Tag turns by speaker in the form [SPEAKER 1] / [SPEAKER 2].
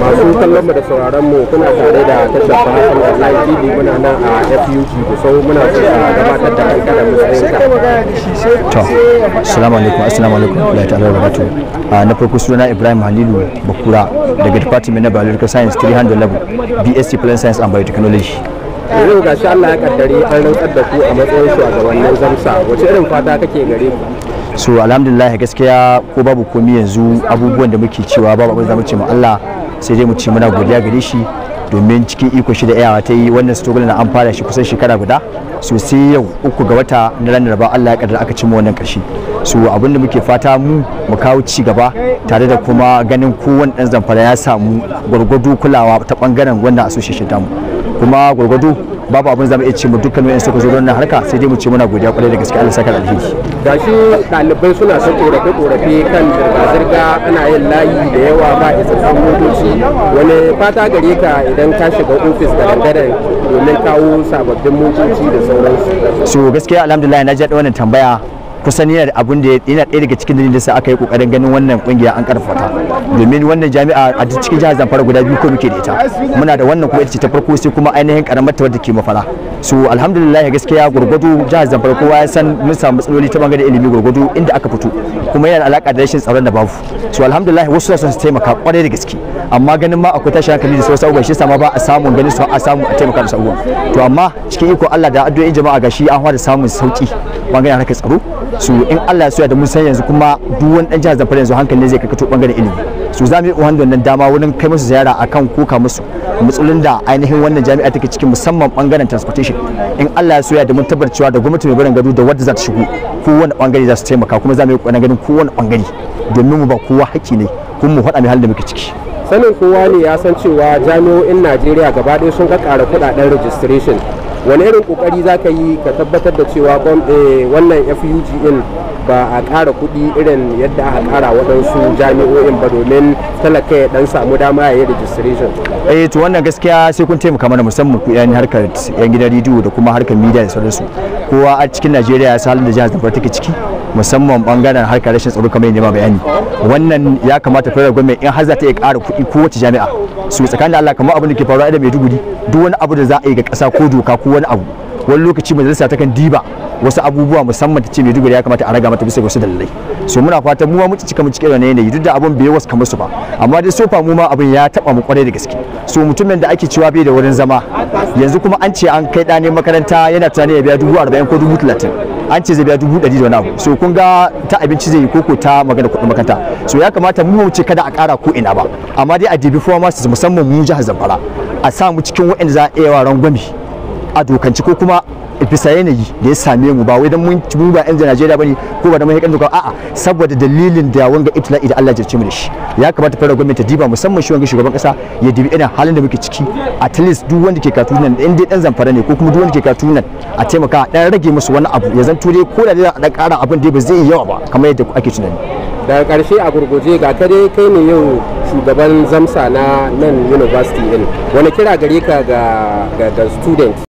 [SPEAKER 1] masu kallon mu da sauraron mu kuna tare da tashar fahimtar online tv muna nan a fug kusan muna so a gabatar da kanka da musulunta
[SPEAKER 2] to assalamu alaikum assalamu alaikum ya ta'ala wa barakatu ah, na farko sunana ibrahim halilu bakura daga department na biological science 300 level bsc plant science and biotechnology
[SPEAKER 1] yau ga shi Allah ya kaddare an rantsar da ku a matsayin shugabannin zamsa wace irin fata kake gare ku
[SPEAKER 2] so alhamdulillah gaskiya ko babu komi yanzu abubuwan da muke cewa babu abin da mu ma Allah sai dai mu ci muna godiya gare shi domin cikin iko shi da iyawa ta yi wannan struggle na an fara shi kusan shekara guda so sai yau uku ga wata na ranar ba Allah ya kaddara aka cimma wannan karshe so abinda muke fata mu mu kawo ci gaba tare da kuma ganin kowane dan zamfara ya samu gwargwado kulawa ta bangaren wannan association tamu kuma gwargwado babu abin zama iya ce mu dukkan wayan suka zo don nan harka sai dai mu ce muna godiya kwarai da gaske Allah saka alheri
[SPEAKER 1] da shi ɗalibai suna son korafe korafe kan zirga zirga ana yin layi da yawa ba isassun motoci wani fata gare ka idan ka shiga ofis da dangare domin kawo sababbin motoci da sauransu so
[SPEAKER 2] gaskiya alhamdulillah na ji wannan tambaya kusan yana da abin da yana ɗaya daga cikin dalilin sa aka yi kokarin ganin wannan kungiya an karfafa ta domin wannan jami'a a cikin jihar Zamfara guda biyu ko muke da ita muna da wannan kuma ita ce ta farko sai kuma ainihin karamar ta wadda ke mafara so alhamdulillah gaskiya gurgudu jihar Zamfara kowa ya san mun samu matsaloli ta bangaren ilimi gurgudu inda aka fito kuma yana alaka da rashin tsaron da babu so alhamdulillah wasu su taimaka kwarai da gaske amma ganin ma akwai tashin hankali da sauran abubuwan shi sama ba a samun ganin su a samu a taimaka da sauran to amma cikin iko Allah da addu'o'in jama'a gashi an fara samun sauki bangaren harkar tsaro su in Allah ya soya da mun san yanzu kuma duk wani dan jihar Zamfara yanzu hankali ne zai karkato bangaren ilimi su za mu yi wanda wannan dama wurin kai musu ziyara akan koka musu matsalolin da ainihin wannan jami'a take cikin musamman bangaren transportation in Allah ya soya da mun tabbatar cewa da gwamnati mai barin gado da wadda za ta shigo kowane bangare za su taimaka kuma za mu yi ƙoƙarin ganin kowane bangare domin mu ba kowa haƙƙi ne kuma mu faɗa mai halin da muke ciki sanin
[SPEAKER 1] kowa ne ya san cewa jami'o'in najeriya gaba ɗaya sun ƙara kuɗaɗen registration wani irin kokari za ka yi ka tabbatar da cewa eh, wannan fug din ba a kara kuɗi irin yadda aka ƙara waɗansu jami'o'in ba domin talaka ya dan samu dama ya yi registration
[SPEAKER 2] eh to wannan gaskiya sai kun taimaka mana musamman ku yan harkar yan gidan rediyo da kuma harkar media da sauransu kowa a cikin Najeriya ya salin da jihar Zamfara take ciki musamman bangaren harkar rashin tsaro kamar yadda ma bayani wannan ya kamata fara gwamnati in har za ta iya ƙara kuɗi wace jami'a su tsakanin Allah kamar abin da ke faruwa da Maiduguri duk wani abu da za a yi ga ƙasa ko doka ko wani abu wani lokaci majalisa ta kan diba wasu abubuwa musamman ta ce mai dubar ya kamata a raga mata bisa ga wasu dalilai so muna fatan mu ma mu cika mu cike da yanayi duk da abun bai wasu kamar su ba amma dai sofa mu ma abun ya taba mu kwarai da gaske so mutumin da ake cewa bai da wurin zama yanzu kuma an ce an kai ɗane makaranta yana tunanin ya biya dubu arba'in ko dubu talatin an ce zai biya dubu ɗari da wani abu so kun ga ta abinci zai yi koko ta magana kuɗin makaranta so ya kamata mu wuce kada a ƙara ko ina ba amma dai a dibi masu musamman mu jihar zamfara a sa mu cikin waɗanda za a iya wa rangwami a dokanci ko kuma bisa yanayi da ya same mu ba wai dan mun mu ba yan Najeriya bane ko ba da mun kan doka a'a saboda dalilin da wanga ibtila'i da Allah ya jarce mu da shi ya kamata fara gwamnati ta diba musamman shi wanga shugaban kasa ya dibi irin halin da muke ciki at least duk wanda ke katu nan in dai dan zamfara ne ko kuma duk wanda ke katu nan a taimaka dan rage musu wani abu ya zanto dai ko da da kara abin da ba zai yi yawa ba kamar yadda ake tunani
[SPEAKER 1] daga karshe a gurguje ga ta dai kai ne yau shugaban zamsa na nan university din wani kira gare ka ga ga student